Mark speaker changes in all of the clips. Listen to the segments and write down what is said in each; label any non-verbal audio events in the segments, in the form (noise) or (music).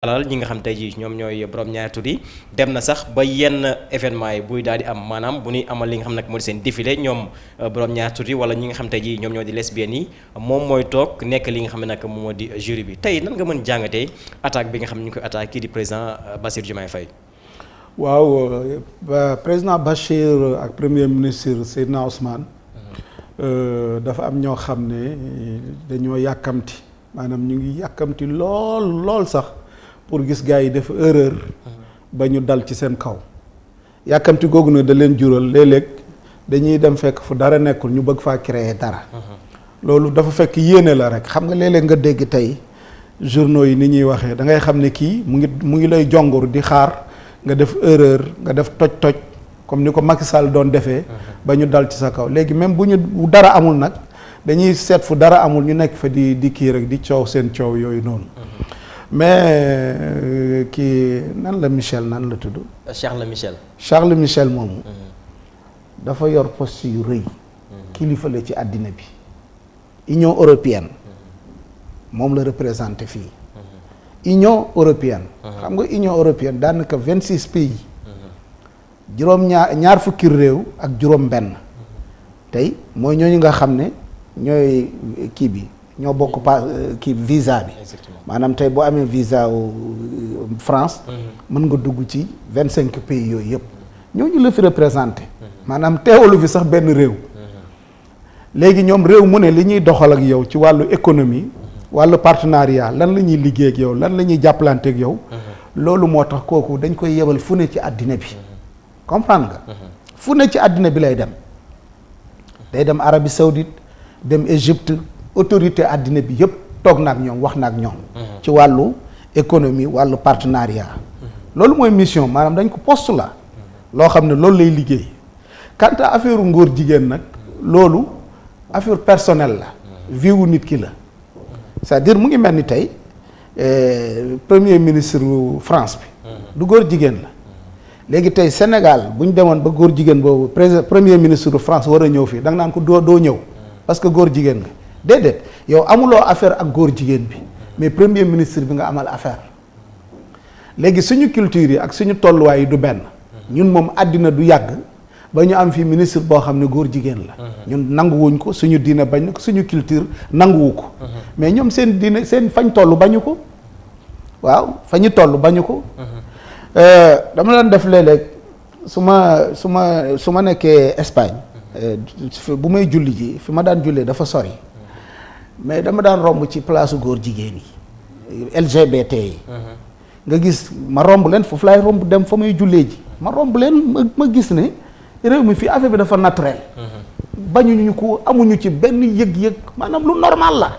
Speaker 1: alal ñi nga xam tey jii ñoom ñooy borom ñaari tur dem na sax ba yenn événement buy daal di am maanaam bu ñuy amal li nga xam nag moo di seen défilé ñoom euh, borom ñaari tur wala ñi nga xam tey jii ñoom ñoo di lesbiennes yi moom mooy toog nekk li nga xam ne nag moom moo di jury bi tey nan nga mën jàngatee attaque bi nga xam ne ñu koy attaque kii di président euh, Bassirou Diomaye
Speaker 2: waaw euh, président Bachir ak premier ministre Seydina Ousmane. Mhm. dafa am ñoo xam ne dañoo yàkkamti maanaam ñu ngi yàkkamti lool lool sax. pour gis gars yi def erreur ba ñu dal ci seen kaw yàkkamti googu nag da leen jural léeg-léeg dañuy dem fekk fu dara nekkul ñu bëgg faa créer dara loolu dafa fekk yéene la rek xam nga léeg nga dégg tey journaux yi ni ñuy waxee da ngay xam ne kii mu ngi mu ngi lay jongur di xaar nga def erreur nga def toj-toj comme ni ko Macky Sall doon defee ba ñu dal ci sa kaw léegi même bu ñu dara amul nag dañuy seet fu dara amul ñu nekk fa di di kii rek di coow seen coow yooyu noonu mais kii euh, nan la Michel nan la tudd. Euh, Charles Michel. Charles Michel moomu. Mhm. dafa yor poste yu rëy. Mhm. kilifa la ci àddina bi. Union européenne. Mhm. moom la représenté fii. Union européenne. xam nga Union européenne daanaka vingt six pays. juróom ñaar ñaar fukki réew ak juróom benn. tey mooy ñooñu nga xam ne ñooy kii bi. ñoo bokk pas euh, kii visa bi. maanaam tey boo amee visa wu euh, France. Mhm. mën nga dugg ci vingt cinq pays yooyu yëpp. ñooñu la fi représenté. Mhm. maanaam teewalu fi sax benn réew. Mhm. léegi ñoom réew mu ne li ñuy doxal ak yow ci wàllu économie. wàllu partenariat lan la ñuy liggéey ak yow lan la ñuy jàppalante yow. loolu moo tax kooku dañ koy yebal fu ne ci àddina bi. comprendre nga. fu ne ci àddina bi lay dem. day dem Arabie Saoudite dem Égypte. autorité àddina bi yëpp toog na ak ñoom wax na ak ñoom. Mhm. ci wàllu économie wàllu partenariat. Mhm. loolu mooy mission maanaam dañ ko post la. Mhm. loo xam ne loolu lay liggéey. quant à affaire ngóor jigéen nag. loolu affaire personnelle la. vie nit ki la. c'est-à-dire mu ngi mel ni tey eh, premier ministre France bi. du góor jigéen la. léegi tey Sénégal bu ñu demoon ba góor jigéen boobu premier ministre France war a ñëw fii da nga naan ko doo doo ñëw parce góor jigéen nga. déedéet yow amuloo affaire ak góor jigéen bi mais premier ministre bi nga amal affaire léegi suñu culture yi ak suñu tolluwaay yi du benn ñun moom àddina du yàgg ba ñu am fii ministre boo xam ne góor jigéen la mhm. ñun nanguwuñ ko suñu diina bañ na suñu culture nanguwu ko mhm. mais ñoom seen diina seen fañ tollu bañu ko waaw fañu toll bañu ko mhm. euh, dama daan def léeg su ma su ma su ma nekkee Espagne euh, bu may julli yi fi ma daan jullee dafa sori mais dama daan romb ci place góor jigéen yi LGBT yi. nga gis ma romb leen foofu laay romb dem fa may jullee ji ma romb leen ma ma gis ne réew mi fii affaire bi dafa naturel. bañuñu ko amuñu ci benn yëg-yëg maanaam lu normal la.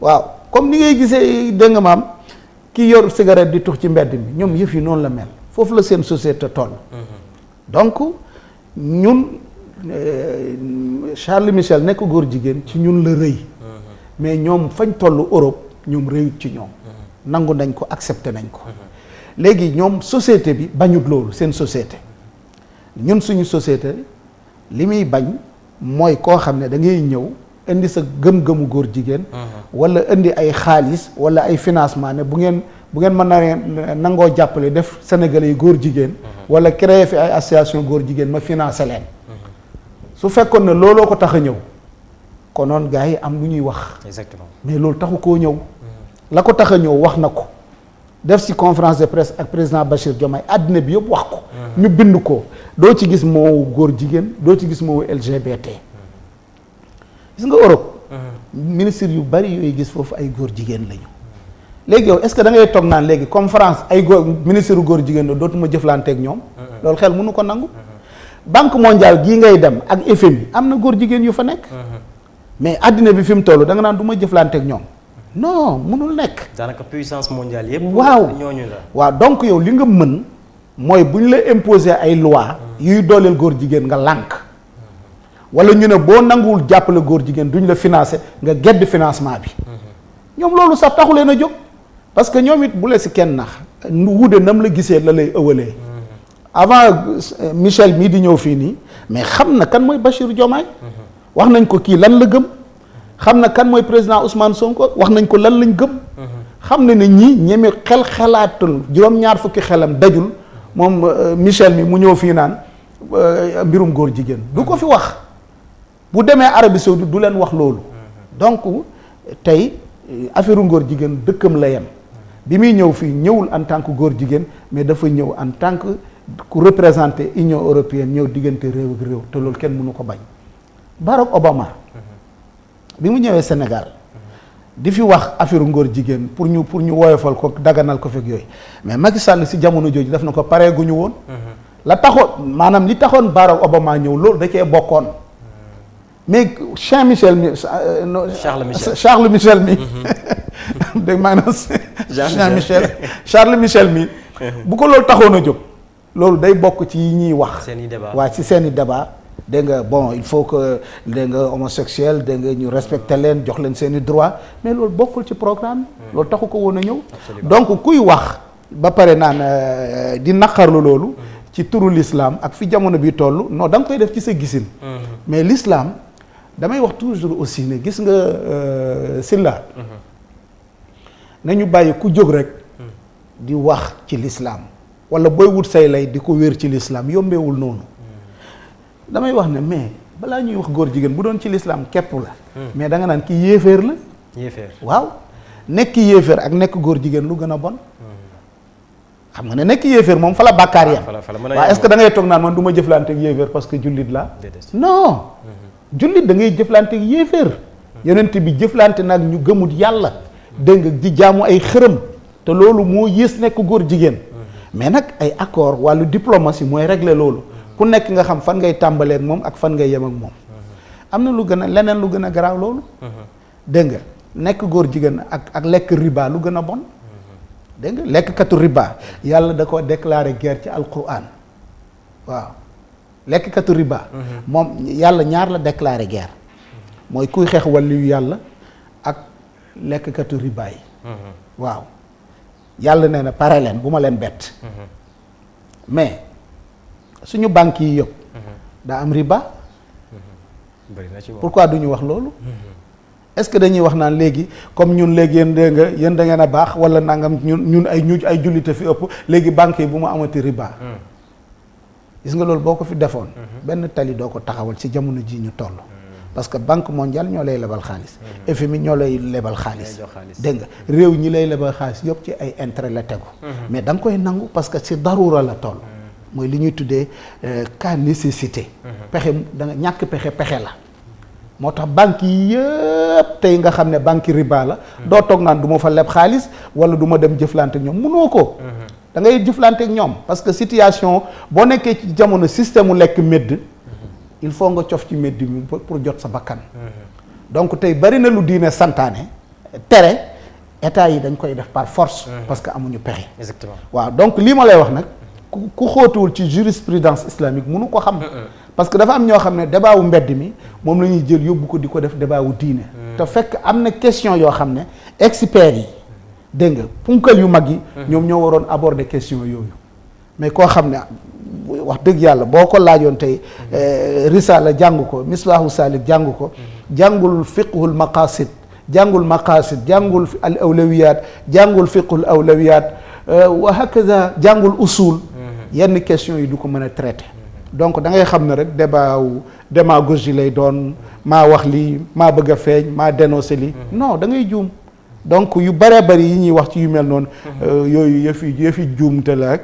Speaker 2: waaw comme ni ngay gisee dégg nga maam ki yor cigarette di tux ci mbedd mi ñoom yëf yi noonu la mel foofu la seen société toll. donc ñun euh, Charles Michel nekk góor jigéen ci ñun la rëy. mais ñoom fañ toll Europe ñoom réyut ci ñoom nangu nañ ko accepté nañ ko léegi ñoom société bi bañut loolu seen société ñun suñu societé li muy bañ mooy koo xam ne da ngay ñëw indi sa gëm-gëmu góor jigéen wala indi ay xaalis wala ay financement ne bu ngeen bu ngeen mën na nangoo jàppale def sénégalais yi góor jigéen wala créer fi ay association góor jigéen ma financé leen su fekkoon ne looloo ko tax a ñëw konoon gaa yi am lu ñuy wax. exactement mais loolu taxu koo ñëw. Mm. la ko tax a ñëw wax na ko. def si conférence de presse ak président Bachir Diomaye àddina bi yëpp wax ko. Mm-hmm. ñu bind ko doo ci gis moo góor jigéen doo ci gis moo LGBT. Mm-hmm. gis nga Europe. Mm-hmm. ministre yu bari yooyu gis foofu ay góor jigéen lañu. léegi yow est-ce que da ngay toog naan léegi comme France ay góor ministre góor jigéen la dootuma jëflanteeg ñoom. loolu xel mënu ko nangu. banque mondiale gii ngay dem ak FMI am na góor jigéen yu fa nekk. mais àddina bi fi mu toll da nga naan duma ma jëflante ak ñoom non mënul nekk. daanaka puissance mondiale yëpp. waaw ñooñu la waaw donc yow li nga mën mooy bu ñu la imposer ay loi yuy dooleel góor jigéen nga lànk. wala ñu ne boo nanguwul jàppale góor jigéen duñ la financé nga gedd financement bi. ñoom loolu sax taxu leen a jóg. parce que ñoom it bu la si kenn nax nu wuude nam la gisee la lay ëwalee. avant euh, Michel mii di ñëw fii nii mais xam na kan mooy Bachir Diomaye. wax nañ ko kii lan la gëm xam na kan mooy président Ousmane Sonko wax nañ ko lan lañ gëm. xam na ne ñi ñeme xel xalaatul juróom-ñaar fukki xelam dajul moom euh, Michel mi mu ñëw fii naan euh, mbirum góor jigéen du ko fi wax bu demee Arabie Saoudite du leen wax loolu. donc tey euh, affaire ngóor jigéen dëkkam la yen bi muy ñëw fii ñëwul en tant que góor jigéen mais dafa ñëw en tant que ku représenter Union européenne ñëw diggante réew ak réew te loolu kenn mënu ko bañ. Barack Obama bi mu ñëwee Sénégal di fi wax affaire ngóor jigéen pour ñu pour ñu woyofal ko daganal ko fekk yooyu mais Macky Sall si jamono jooju def na ko paree gu ñu woon. la taxoon maanaam li taxoon Barack Obama ñëw loolu da cee bokkoon. mais euh, Charles Michel mi mhm. (laughs) Charles Michel Charles Michel mi. dégg maanaam. Charles (laughs) Michel Charles bu ko loolu taxoon a jóg. loolu day bokk ci yi ñuy wax.
Speaker 1: seen i débat
Speaker 2: ci seen i débat. dégg nga bon il faut que dégg nga homosexuel dégg nga ñu respecté leen jox leen seeni i droit mais loolu bokkul ci programme hmm. loolu taxu ko woon a ñëw donc kuy wax ba pare naan euh, di naqarlu loolu hmm. ci turu l'islam ak fi jamono bi toll non da koy def ci sa gisin hmm. mais l'islam damay wax toujours aussi ne gis nga euh, silla nañu bàyyi ku jóg rek di wax ci lislaam wala booy wut say lay di ko wér ci l'islam yombewul noonu damay wax ne mais balaa ñuy wax góor jigéen bu doon ci lislaam képp la. Hmm. mais da nga naan kii yéeféer la. waaw nekk yéeféer ak nekk góor jigéen lu gën a bon. Hmm. xam nga ne nekk yéeféer moom fa la bàkkaar yam
Speaker 1: ah, waaw est-ce que
Speaker 2: da ngay toog naan man du ma jëflante ak yéeféer parce que jullit laa non hmm. jullit da ngay jëflante ak yéeféer yonent bi jëflante nag ñu gëmut yàlla dégg nga di jaamu ay xërëm te loolu moo yées nekk góor jigéen mais nag ay accord wàllu diplomatie mooy régler loolu ku nekk nga xam fan ngay tàmbaleek moom ak fan ngay yem ak moom am na lu gën a leneen lu gën a garaaw loolu dégg nga nekk góor jigéen ak ak lekk riba lu gën a bon dégg lekk lekkkatu riba yàlla da ko déclaré guerre ci alquran waaw lekkkatu riba moom yàlla ñaar la déclaré guerre mooy kuy xeex wàlliyu yàlla ak lekkkatu riba yi waaw yàlla nee na pare leen bu ma leen bett suñu banque yi yëpp. Mhm. daa am riba. Mhm.
Speaker 3: bëri na ci pourquoi duñu wax loolu. Mhm.
Speaker 2: est-ce que dañuy wax naan léegi comme ñun léegi yéen dégg nga yéen da a baax wala nangam ñun ñun ay ñu ay jullite fi ëpp léegi banques yi bu mu amati riba. gis nga loolu boo ko fi defoon. benn tali doo ko taxawal ci jamono ji ñu toll. parce que banque mondiale ñoo lay lebal xaalis. FMI ñoo lay lebal xaalis. dégg nga réew ñi lay lebal xaalis yëpp ci ay intérêt la tegu. mais da nga koy nangu parce que ci daruura la toll. mooy li ñuy tuddee euh, cas nécessité. Mhm. pexe da ñàkk pexe pexe la. moo tax banques yi yëpp tey nga xam ne banque riba la. Mhm. doo toog naan du ma fa leb xaalis wala duma dem jëflante ak ñoom mënoo ko. Mhm. da ngay jëflante ak ñoom parce que situation boo nekkee ci jamono système mu lekk medd il faut nga cof ci médd mi pour jot sa bakkan. donc tey bari na lu diine santaane tere état yi dañ koy def par force. parce que amuñu pexe. exactement waaw donc lii ma lay wax nag. ku xóotuwul ci jurisprudence islamique mënu ko xam parce que dafa am ñoo xam ne débat wu mbedd mi moom la ñuy jël yóbbu ko di ko def débat wu diine mm. te fekk am na question yoo xam ne experts yi dégg nga punkal yu mag yi mm-hmm. ñoom ñoo waroon aborder question yooyu mais koo xam ne wax dëgg yàlla boo ko laajoon tey mm-hmm. eh, risala jàng ko mislaahu salik jàng ko mm-hmm. jàngul fiqhul maqasid jàngul maqasid jàngul al awlawiyat jàngul fiqhul awlawiyat eh, wa hakaza jàngul usul yenn question yi du ko mën a traité donc da ngay xam ne rek débat wu démagogie lay doon maa wax li maa bëgg a feeñ maa dénoncé lii mm-hmm. non da ngay juum donc yu bëree bëri yi ñuy wax ci yu mel noonu mm-hmm. euh, yooyu yëfi yëfi juumte la rek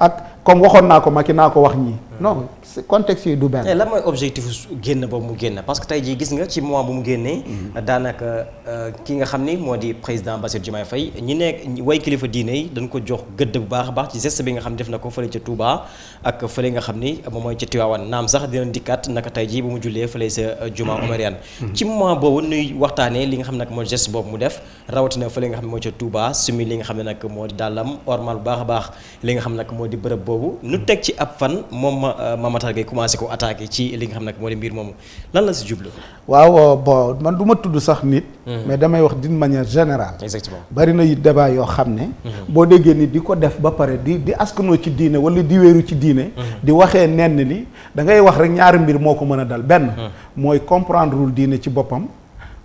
Speaker 2: ak comme waxoon naa ko ma ki naa ko wax ñii non contexte yi
Speaker 1: du benn. tey eh, lan mooy objectif génn boobu mu génn parce que tey jii gis nga ci mois bu mu génnee. Mhm. daanaka euh, ki nga xam ni moo di président Bassirou Diomaye fay ñi nekk way kilifa diine yi dañ ko jox gëdd bu baax a baax ci geste bi nga xam ne def na ko fële ca Touba nga xam ni moom mooy ca Tivaouane naam sax dina dikkaat naka tey jii bu mu jullee fële sa euh, juma omarienne. Mhm. ci mois boobu nuy waxtaanee li nga xam ne nag mooy geste boobu mu def rawatina fële nga xam ne mooy ca Touba sumi li nga xam ne nag moo di dàllam ormal bu baax a baax li nga xam ne nag moo di bërëb boobu nu teg ci ab fan moom ma Mame Matar Gueye ko attaqué ci li nga xam ne moo di mbir moomu lan la si jublu.
Speaker 2: waaw euh, bon man du ma tudd sax nit. Mhm. mais damay wax d'une manière général exactement bari na yu débat yoo xam ne. Mhm. boo déggee ni di ko def ba pare di di askanoo ci diine wala di wéeru ci diine. Mhm. di waxee nenn ni da ngay wax rek ñaari mbir moo ko mën a dal benn. mooy comprendrewul diine ci boppam.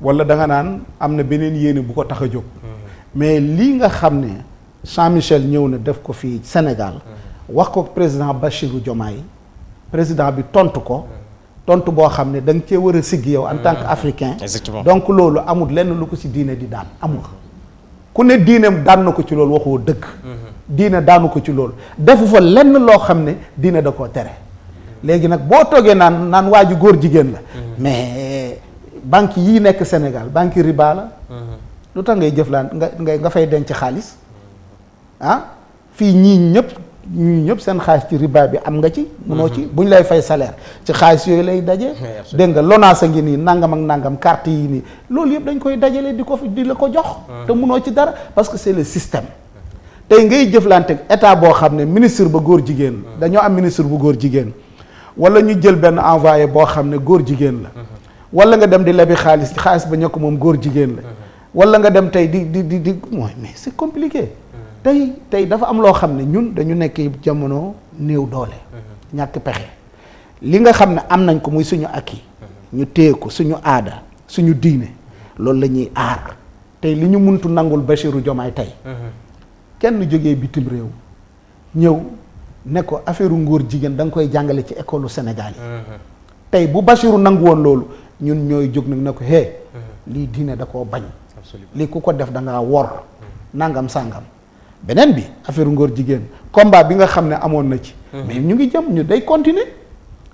Speaker 2: wala danga nga naan am na beneen yéene bu ko tax a jóg. mais li nga xam ne Jean Michel ñëw na def ko fii Sénégal. wax ko président Bassirou Diomaye président bi tontu ko tontu boo xam ne da nga cee war a sigg yow en tant que mm. africain donc loolu amul lenn lu ko ci diine di daan amul ku ne diine daan na ko ci loolu waxoo dëgg mm-hmm. diine daanu ko ci loolu defu fa lenn loo xam ne diine da koo tere léegi nag boo toogee naan naan waa ji góor jigéen la mm-hmm. mais banque yi nekk Sénégal banque riba la
Speaker 3: mm-hmm.
Speaker 2: lu tax ngay jëflaan nga nga nga fay denc xaalis ah fii ñii ñëpp ñuy ñëpp seen xaalis ci riba bi am nga ci. munoo ci mhm. bu ñu lay fay salaire ci xaalis yooyu lay daje. dégg nga lonaas a ngi nii nangam ak nangam carte yi nii loolu yëpp dañ koy dajale di ko di la ko jox. te munoo ci dara parce que c'est le système. tey ngay jëflante état boo xam ne ministre ba góor jigéen. dañoo am ministre bu góor jigéen. wala ñu jël benn envoyé boo xam ne góor jigéen la. Mhm. wala nga dem di lebi xaalis xaalis ba ñokk moom góor jigéen la. Mhm. wala nga dem tey di di di di mooy mais c'est tey tey dafa am loo xam ne ñun dañu nekk jamono néew doole. Mm-hmm. ñàkk pexe li nga xam ne am nañ ko muy suñu akki mm-hmm. ñu téye ko suñu aada suñu diine loolu lañuy ñuy aar tey li ñu muntu nangul Bassirou Diomaye tey. Mm-hmm. kenn jógee bitim réew ñëw ne ko affaire ngóor jigéen da koy jàngale ci école Sénégal tey bu Bassirou nangu woon loolu ñun ñooy jóg nag ne ko hé. lii diine da koo bañ. lii ku ko def da ngaa wor nangam sàngam. beneen bi affaire ngor jigéen combat bi nga xam ne amoon na ci. Mhm. mais ñu ngi jëm ñu day continuer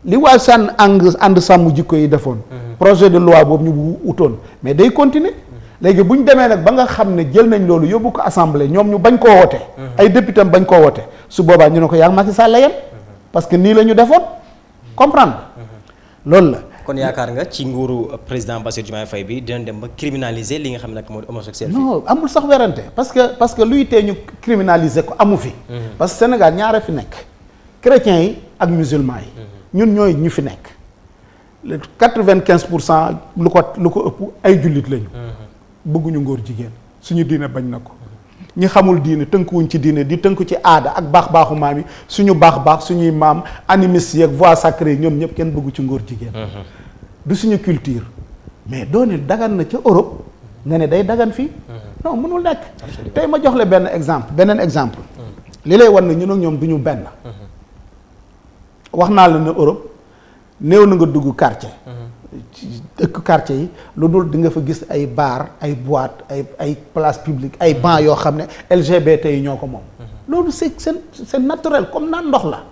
Speaker 2: li waa sànn ànd ànd sàmm jikko yi defoon. Mhm. projet de loi boobu ñu bu utoon mais day continuer mhm. léegi bu ñu demee nag ba nga xam ne jël nañ loolu yóbbu ko assemblée ñoom ñu bañ koo woote. ay député bañ koo woote su boobaa ñu ne ko yaa ngi Macky Sall la parce que nii la ñu defoon comprendre
Speaker 1: loolu la. kon yaakaar nga ci nguuru président Bassirou Diomaye fay bi dina dem ba criminaliser li nga xam ne moo mooy homosexuel. non amul sax werante parce que parce que luy tee ñu criminaliser ko amu
Speaker 2: fi.
Speaker 3: Mm-hmm. parce
Speaker 2: que Sénégal ñaara fi nekk. chrétiens yi ak musulmans yi. Mm-hmm. ñun ñooy ñu fi nekk. le quatre-vingt-quinze pour cent lu ko lu ko ëpp ay jullit lañu. Mm-hmm. bëgguñu ngóor jigéen suñu diine bañ na ko. ñi xamul tënku wuñ ci diine di tënku ci aada ak baax baaxu maam yi suñu baax baax suñuy maam animistes yeeg voix sacrée ñoom ñëpp kenn bëggu ci ngóor jigéen. Mm-hmm. du suñu culture. mais doone dagan na ca Europe nga ne day dagan fii. Mm-hmm. non mënul nekk. tey ma jox la benn exemple beneen exemple.
Speaker 3: Mm-hmm.
Speaker 2: li lay wan ne ñun ak ñoom duñu ñu benn. wax naa la ne Europe néew na nga dugg quartier. ci dëkk quartier yi lu dul di nga fa gis ay bar ay boîte ay ay place publique ay banc yoo xam ne LGBT yi ñoo ko moom. Mhm. loolu c'est seen c'est naturel comme naan ndox la.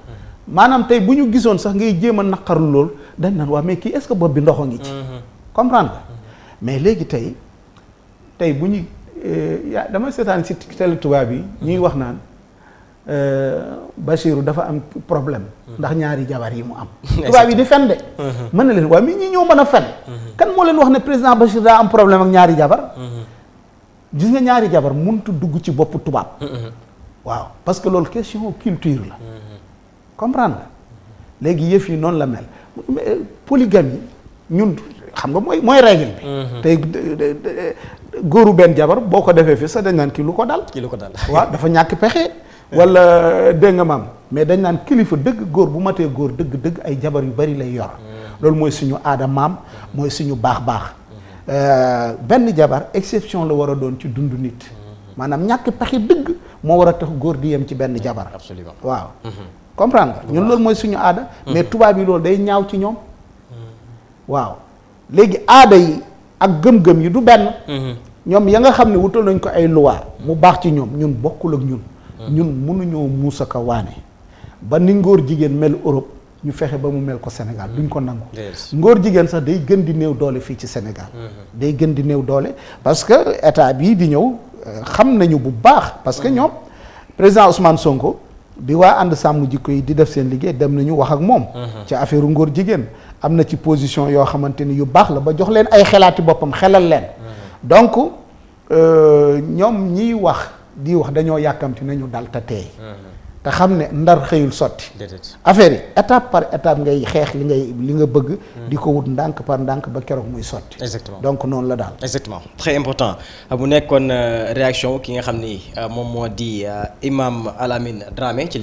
Speaker 2: maanaam tey bu ñu gisoon sax ngay jéem a naqarlu lool dañ naan waa mais kii est-ce que bopp bi ndox a ngi ci. Mhm. comprendre nga mhm. mais léegi tey tey bu ñu euh, yaa damay seetaan si télé tubaab yi ñuy wax naan. Euh, Bachirou dafa am problème ndax ñaari jabar yi mu am (laughs) tubaab yi di fen de mhm. mën na leen waaye mi ñi ñoo mën a fen mhm. kan moo leen wax ne président Bachir daa am problème ak ñaari jabar mhm. gis nga ñaari jabar muntu dugg ci bopp tubaab waaw parce que loolu question culture la comprendre nga léegi yëf yi noonu la mel euh, polygamie ñun xam nga mooy mooy règle bi tey euh, góoru benn jabar boo ko defee fii sax dañ naan ko dal kii lu ko dal waaw dafa ñàkk pexe wala dégg nga maam mais dañ naan kilifa dëgg góor bu matee góor dëgg dëgg ay jabar yu bari lay yor loolu mooy suñu aada maam mooy suñu baax baax euh, benn jabar exception la war a doon ci dundu nit maanaam ñàkk pexe dëgg moo war a tax góor di yem ci benn mm-hmm. jabar absolument waaw mm-hmm. comprendre nga ñun loolu mooy suñu aada mm-hmm. mais tubaab yi loolu day ñaaw ci ñoom waaw léegi aada yi ak gëm-gëm yi du benn ñoom ya nga xam ne wutal nañ ko ay loi mu baax ci ñoom ñun bokkul ak ñun ñun mënuñoo muusa ko waane ba ni ngóor jigéen mel Europe ñu fexe ba mu mel ko Sénégal duñ ko nangu ngóor jigéen sax day gën di néew doole fii ci Sénégal mm-hmm. day gën di néew doole parce que état bii di ñëw euh, xam nañu bu baax parce que mm-hmm. ñoom président Ousmane Sonko bi waa ànd sàmm jikko yi di def seen liggéey dem nañu wax ak moom mm-hmm. ci affaire ngóor jigéen am na ci position yoo xamante ni yu baax la ba jox leen ay xelaati boppam xelal leen donc euh, ñoom ñiy wax di wax dañoo yàkkamti nañu dal te teey uh-huh. te xam ne ndar xëyul sotti affaire yi étape par étape ngay xeex li ngay li nga bëgg hmm. di ko wut ndànk par ndànk ba keroog muy sotti exactement donc noonu la daal
Speaker 1: exactement très important bu ah, nekkoon euh, réaction ki nga xam ni euh, moom moo di euh, imam Alamine Dramé ci